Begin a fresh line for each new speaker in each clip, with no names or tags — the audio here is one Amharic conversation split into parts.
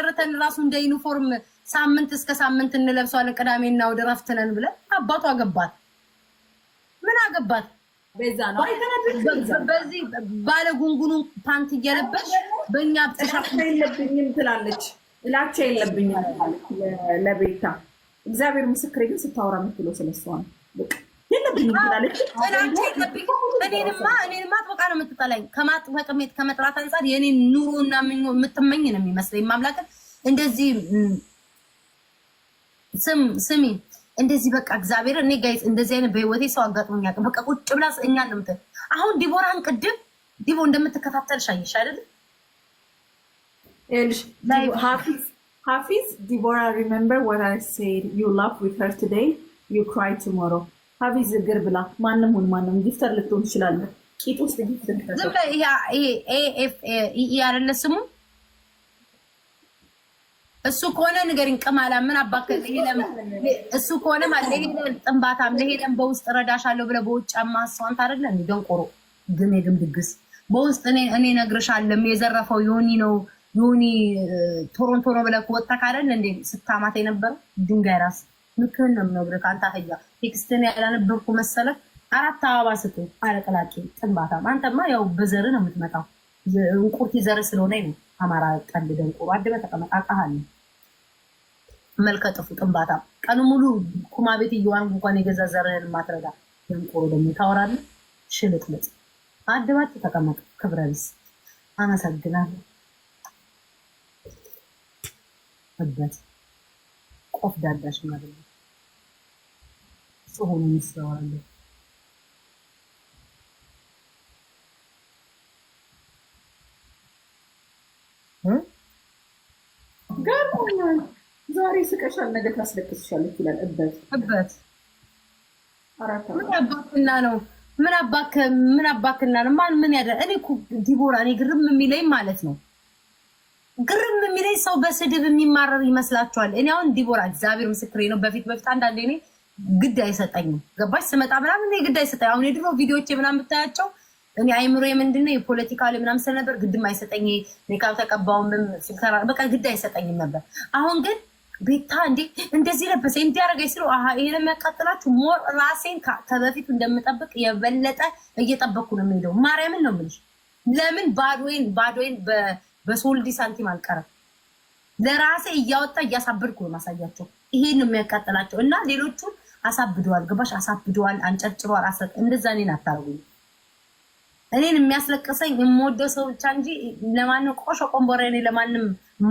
አሰርተን ራሱ እንደ ዩኒፎርም ሳምንት እስከ ሳምንት እንለብሰዋለን። ቅዳሜና ወደ እረፍት ነን ብለን አባቱ አገባት። ምን አገባት? በዚህ ባለ ጉንጉኑ ፓንት እያለበች በእኛ
የለብኝም ትላለች። እላቸ የለብኝም ለቤታ እግዚአብሔር ምስክሬ ግን ስታወራ የምትለው ስለሷ ነው። እኔንማ
እኔንማ ጥበቃ ነው የምትጠላኝ። ከማጥበቅ ከመጥራት አንጻር የእኔን ኑሮ እና የምትመኝ ነው የሚመስለኝ። እንደዚህ ስም ስሚ እንደዚህ በቃ እግዚአብሔር እኔ ጋይዝ እንደዚህ አይነት በህይወቴ ሰው አጋጥሞኝ በቃ ቁጭ ብላ እኛ ነው አሁን ዲቦራን ቅድም ዲቦ እንደምትከታተልሽ አየሽ አይደል?
ሀፊዝ ዲቦራ አይ ሴድ ዩ ሄር ቱዴይ ዩ ክራይ አቤት ዝግር ብላ ማንም ሁን ማንም ጊፍተር ልትሆን ትችላለህ። ቂጥ ውስጥ ጊፍተር
ዝም ስሙ እሱ ከሆነ ንገሪኝ። ቅማላ ምን አባከል እሱ ከሆነ ለሄደን ጥንባታም ለሄደን በውስጥ ረዳሻለሁ ብለህ በውጭ ማስዋንት አደለ ደንቆሮ ግን የግም ድግስ በውስጥ እኔ እነግርሻለሁ የዘረፈው ዮኒ ነው ዮኒ ቶሮንቶ ነው ብለህ ወጣ ካለን እንዴ ስታማት የነበረ ድንጋይ ራስ ምክርን ነው የምነግርህ። ከአንተ አህያ ቴክስትን ያላነበብኩ መሰለ አራት አበባ ስቶ አለቅላቂ ጥንባታም። አንተማ ያው በዘር ነው የምትመጣው። እንቁርቲ ዘር ስለሆነ ነው። አማራ ቀንድ ደንቆሮ አድበ ተቀመጥ አቃሃል መልከጥፉ ጥንባታም። ቀኑ ሙሉ ኩማ ቤት እየዋን እንኳን የገዛ ዘርህን ማትረዳ ደንቆሮ ደግሞ ታወራለህ። ሽልጥልጥ አድባችሁ ተቀመጥ ክብረ ቢስ አመሰግናለሁ። ቆፍ ዳዳሽ ማለት ነው። ሆኖ ይስተዋላል።
ዛሬ ስቀሻል፣ ነገ ታስለቅስሻለች ይላል። እበት
እበት አባክና ነው ምን አባክ ምን አባክና ነው ማን ምን ያደ እኔ እኮ ዲቦራ፣ እኔ ግርም የሚለኝ ማለት ነው ግርም የሚለኝ ሰው በስድብ የሚማረር ይመስላችኋል? እኔ አሁን ዲቦራ እግዚአብሔር ምስክሬ ነው። በፊት በፊት አንዳንዴ እኔ ግድ አይሰጠኝም። ገባሽ ስመጣ ምናምን እኔ ግድ አይሰጠኝ። አሁን የድሮ ቪዲዮዎች ምናምን ብታያቸው እኔ አይምሮ የምንድነው የፖለቲካ ምናምን ስለነበር ግድም አይሰጠኝ። ሜካፕ ተቀባውም ፊልተራ በቃ ግድ አይሰጠኝም ነበር። አሁን ግን ቤታ እንዴ እንደዚህ ለበሰ እንዲያደረገ ስለ ይሄ ለሚያቃጥላችሁ ሞር ራሴን ከበፊቱ እንደምጠብቅ የበለጠ እየጠበቅኩ ነው የሚሄደው። ማርያምን ነው የምልሽ። ለምን ባዶይን ባዶይን በሶልዲ ሳንቲም አልቀረም። ለራሴ እያወጣ እያሳበድኩ ነው ማሳያቸው። ይሄን ነው የሚያቃጥላቸው እና ሌሎቹን አሳብደዋል። ግባሽ አሳብደዋል፣ አንጨርጭሯል። እንደዛ እኔን አታርጉኝ። እኔን የሚያስለቅሰኝ የምወደው ሰው ብቻ እንጂ ለማንም ቆሾ ቆንበሬ፣ እኔ ለማንም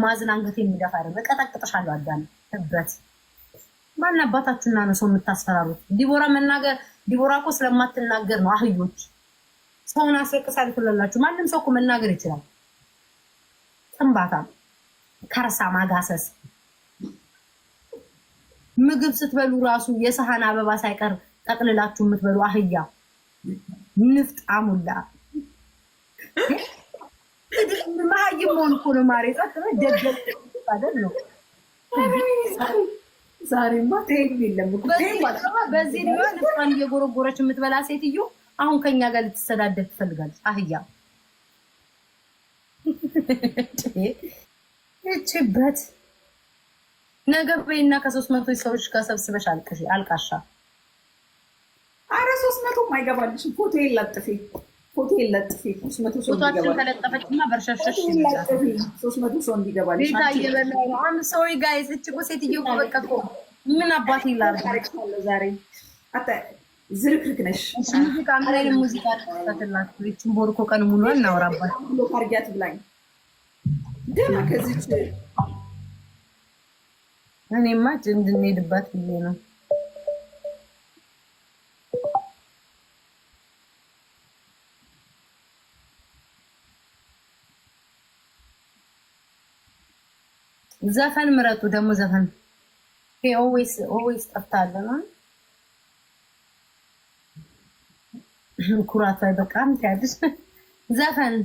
ማዝን አንገት የሚደፋ አይደለም። እቀጠቅጥሻለሁ። አዳን ህብረት ማን አባታችሁና ነው ሰው የምታስፈራሩት? ዲቦራ መናገር ዲቦራ እኮ ስለማትናገር ነው። አህዮች ሰውን አስለቅሳል ትላላችሁ። ማንም ሰው እኮ መናገር ይችላል። ጥንባታ ከርሳ ማጋሰስ ምግብ ስትበሉ ራሱ የሰሃን አበባ ሳይቀር ጠቅልላችሁ የምትበሉ አህያ ንፍጣሙላ አሙላ መሀይም መሆን እኮ ነው። ማሬ ጸጥበ ንፍጣን እየጎረጎረች የምትበላ ሴትዮ አሁን ከኛ ጋር ልትሰዳደብ ትፈልጋለች። አህያ ነገ በይና ከሶስት መቶ ሰዎች ጋር ሰብስበሽ አልቅሽ አልቃሻ።
አረ ሶስት መቶ አይገባልሽ። ፎቶ የለጥፊ ፎቶ የለጥፊ። ፎቶችን
ተለጠፈችማ በርሸሸሽ ይለጥፊ። ሰው ጋይዝ። እች ሴትዮ በቃ ምን አባት ይላል
ዛሬ ዝርክርክ ነሽ።
ሙዚቃ ሙዚቃ ተላችሁ ይችን ቦርኮ ቀን ሙሉ እናውራባት
ብሎ ብላኝ ገና ከዚች
እኔማ እንድንሄድባት ብዬ ነው። ዘፈን ምረጡ። ደግሞ ዘፈን ኦዌይስ ኦዌይስ ጠፍታለና ኩራት ላይ በቃ ምትያድስ ዘፈን